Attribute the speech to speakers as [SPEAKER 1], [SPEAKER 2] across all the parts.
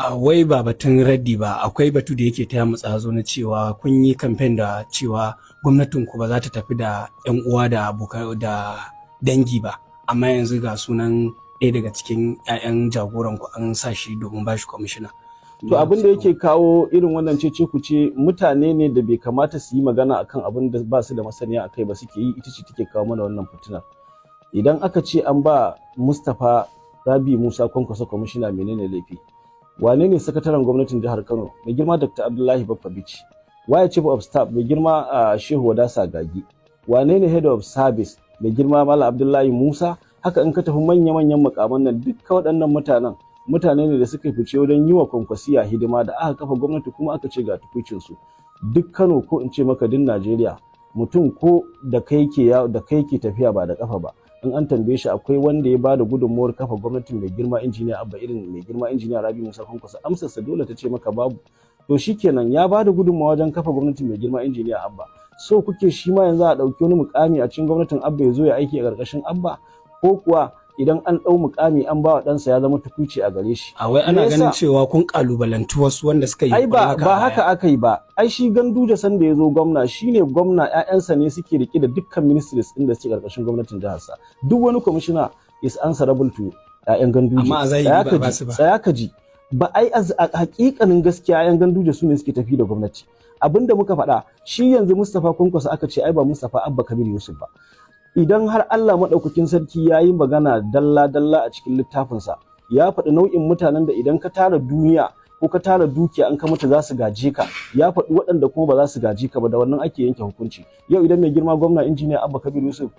[SPEAKER 1] a ah, wai ba batun raddi ba akwai batu da yake taya mutsa zo na cewa kun yi kamfen da cewa gwamnatin ku ba za ta tafi da yan uwa da abokan da dangi ba amma yanzu ga sunan ɗaya daga cikin 'ya'yan jagoran ku an sa shi domin bashi kwamishina
[SPEAKER 2] to abin da yake kawo irin wannan cece ce mutane ne da bai kamata su yi magana akan abin da ba su da masaniya akai ba suke yi ita ce take kawo mana wannan fitina idan aka ce an ba Mustapha Rabi Musa Kwankwaso kwamishina menene laifi wane ne sakataren gwamnatin jihar Kano mai girma Dr. Abdullahi Baffabici waye chief of staff mai girma Shehu Wadasa Gagi wane ne head of service mai girma Malam Abdullahi Musa haka in ka tafi manya-manyan makaman nan dukkan waɗannan mutanen mutane ne da suka fice wajen yi wa kwankwasiya hidima da aka kafa gwamnati kuma aka ce ga tukucin su duk Kano ko in ce maka din Najeriya mutum ko da kai ke tafiya ba da kafa ba in an tambaye shi akwai wanda ya bada gudunmuwar kafa gwamnatin mai girma injiniya abba irin mai girma injiniya rabi musa kwankwasa amsarsa dole ta ce maka babu to shi shikenan ya bada gudunmuwa wajen kafa gwamnatin mai girma injiniya abba so kuke shi ma yanzu a ɗauki wani mukami a cikin gwamnatin abba ya zo ya aiki a ƙarƙashin abba ko kuwa idan an ɗau mukami an ba wa ɗansa ya zama tukuci a gare shi. A wai ana ganin cewa kun
[SPEAKER 1] kalubalantu wasu wanda suka yi ba ba haka
[SPEAKER 2] aka yi ba. Ai shi san da sanda ya zo gwamna shine gwamna ƴaƴansa ne suke rike da dukkan ministries ɗin da suke ƙarƙashin gwamnatin jihar Duk wani kwamishina is answerable to ƴaƴan ganduje. Amma a ba su ba. ka ji. Ba ai a hakikanin gaskiya ƴaƴan ganduje su ne suke tafi da gwamnati. Abin da muka faɗa shi yanzu Mustapha Kwankwaso aka ce ai ba Mustapha Abba Kabir Yusuf ba. idan har Allah maɗaukakin sarki ya yi magana dalla-dalla a cikin littafinsa ya faɗi nau'in mutanen da idan ka tara duniya ko ka tara dukiya an ka mutu za su gaje ka ya faɗi waɗanda kuma ba za su gaje ka ba da wannan ake yanke hukunci yau idan mai girma gwamna injiniya abba kabir yusuf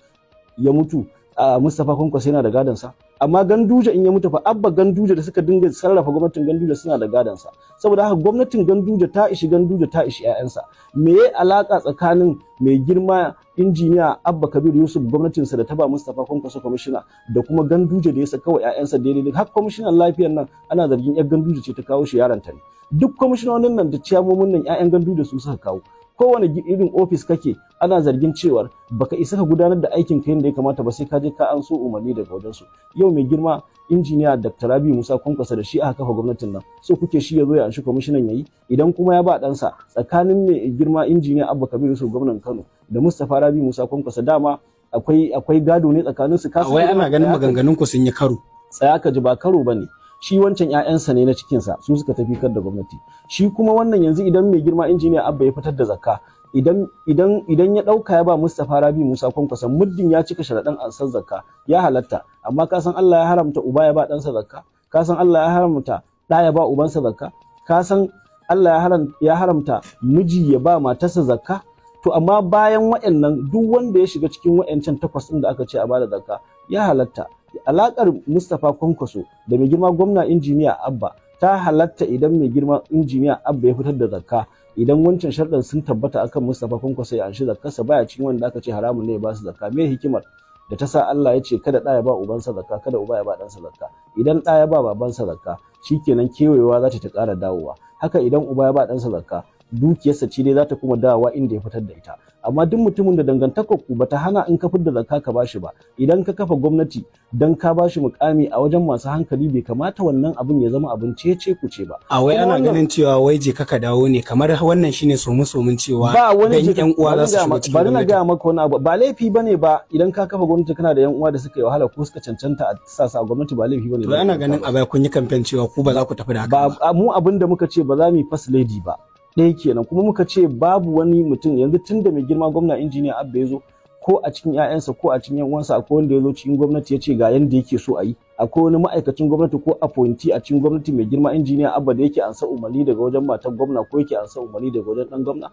[SPEAKER 2] ya mutu a Mustapha Kwankwaso yana da gadansa amma Ganduje in ya mutu fa abba Ganduje da suka dinga sarrafa gwamnatin Ganduje suna da gadansa saboda haka gwamnatin Ganduje ta ishi Ganduje ta ishi ƴaƴansa me ya alaka tsakanin mai girma injiniya Abba Kabir Yusuf gwamnatinsa da ta ba Mustapha Kwankwaso kwamishina da kuma Ganduje da ya saka wa ƴaƴansa daidai har kwamishinan lafiyar nan ana zargin ƴar Ganduje ce ta kawo shi yaron ne duk kwamishinonin nan da ciyamomin nan ƴaƴan Ganduje su suka kawo kowane irin ofis kake ana zargin cewar baka isa ka gudanar da aikin ka yadda ya kamata ba sai ka je ka an so umarni daga wajen su yau mai girma injiniya Dr. Rabi Musa Kwankwasa da shi aka kafa gwamnatin nan so kuke shi ya zo ya anshi kwamishinan ya yi idan kuma ya ba ɗansa tsakanin mai girma injiniya Abba Kabiru su gwamnan Kano da Mustapha Rabi Musa Kwankwasa dama akwai gado ne tsakanin su wai ana ganin maganganun ku sun yi karo tsaya ka ji ba karo ba ne. shi wancan ƴaƴansa ne na cikinsa su suka tafi kar da gwamnati shi kuma wannan yanzu idan mai girma injiniya abba ya fitar da zakka idan idan idan ya dauka ya ba Mustafa Rabi Musa kwankwasan muddin ya cika sharadan ansar zakka ya halatta amma ka san Allah ya haramta uba ya ba ɗansa zakka ka san Allah ya haramta da ya ba ubansa zakka ka san Allah ya haramta miji ya ba matarsa zakka to amma bayan waɗannan duk wanda ya shiga cikin waɗancan takwas ɗin da aka ce a bada zakka ya halatta alakar mustapha kwankwaso da mai girma gwamna injiniya abba ta halatta idan mai girma injiniya abba ya fitar da zakka idan wancan sharɗin sun tabbata akan mustapha kwankwaso ya anshi zakkarsa baya cikin wanda aka ce haramun ne ya ba su zakka me hikimar da ta sa Allah ya ce kada ɗa ya ba ubansa zakka kada uba ya ba ɗansa zakka idan ɗa ya ba babansa zakka shikenan kewayewa za ta ta ƙara dawowa haka idan uba ya ba ɗansa zakka dukiyarsa ce dai za ta kuma dawowa inda ya fitar da ita amma duk mutumin da dangantakar ku bata hana in ka da zakka ka bashi ba idan ka kafa gwamnati dan ka bashi mukami a wajen masu hankali bai kamata wannan abin ya zama abin cece ku ce ba a wai ana ganin
[SPEAKER 1] cewa wai je ka dawo ne kamar wannan shine somu somun cewa ba wani yan uwa za su shiga cikin bari na ga
[SPEAKER 2] maka wani abu ba laifi bane ba idan ka kafa gwamnati kana da yan uwa da suka yi wahala ko suka cancanta a sasa gwamnati ba laifi bane to ana ganin abai kun yi kamfen cewa ku ba za ku tafi da haka ba mu abin da muka ce ba za mu yi first lady ba ɗaya kenan kuma muka ce babu wani mutum yanzu tun da mai girma gwamna injiniya abba ya zo ko a cikin 'ya'yansa ko a cikin 'yan uwansa akwai wanda ya zo cikin gwamnati ya ce ga yanda yake so a yi akwai wani ma'aikacin gwamnati ko appointee a cikin gwamnati mai girma injiniya abba da yake ansa umarni daga wajen matan gwamna ko yake ansa umarni daga wajen ɗan gwamna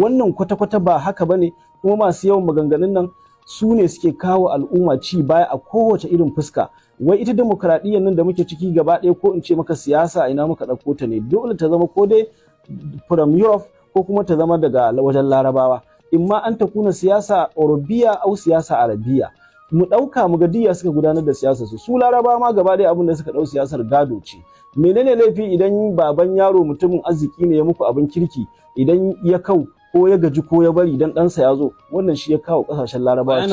[SPEAKER 2] wannan kwata-kwata ba haka ba ne kuma masu yawan maganganun nan su ne suke kawo al'umma ci baya a kowace irin fuska wai ita demokradiyyar nan da muke ciki gaba ɗaya ko in ce maka siyasa ina muka ɗauko ta ne dole ta zama ko dai from Europe ko kuma ta zama daga wajen larabawa in ma an takuna kuna siyasa Orobiya au siyasa Arabiya mu ɗauka mu gadiya suka gudanar da siyasa su su laraba ma gaba ɗaya abin da suka ɗau siyasar gado ce menene laifi idan baban yaro mutumin arziki ne ya muku abin kirki idan ya kau ko ya gaji ko ya bari dan ɗansa ya zo wannan shi ya kawo ƙasashen laraba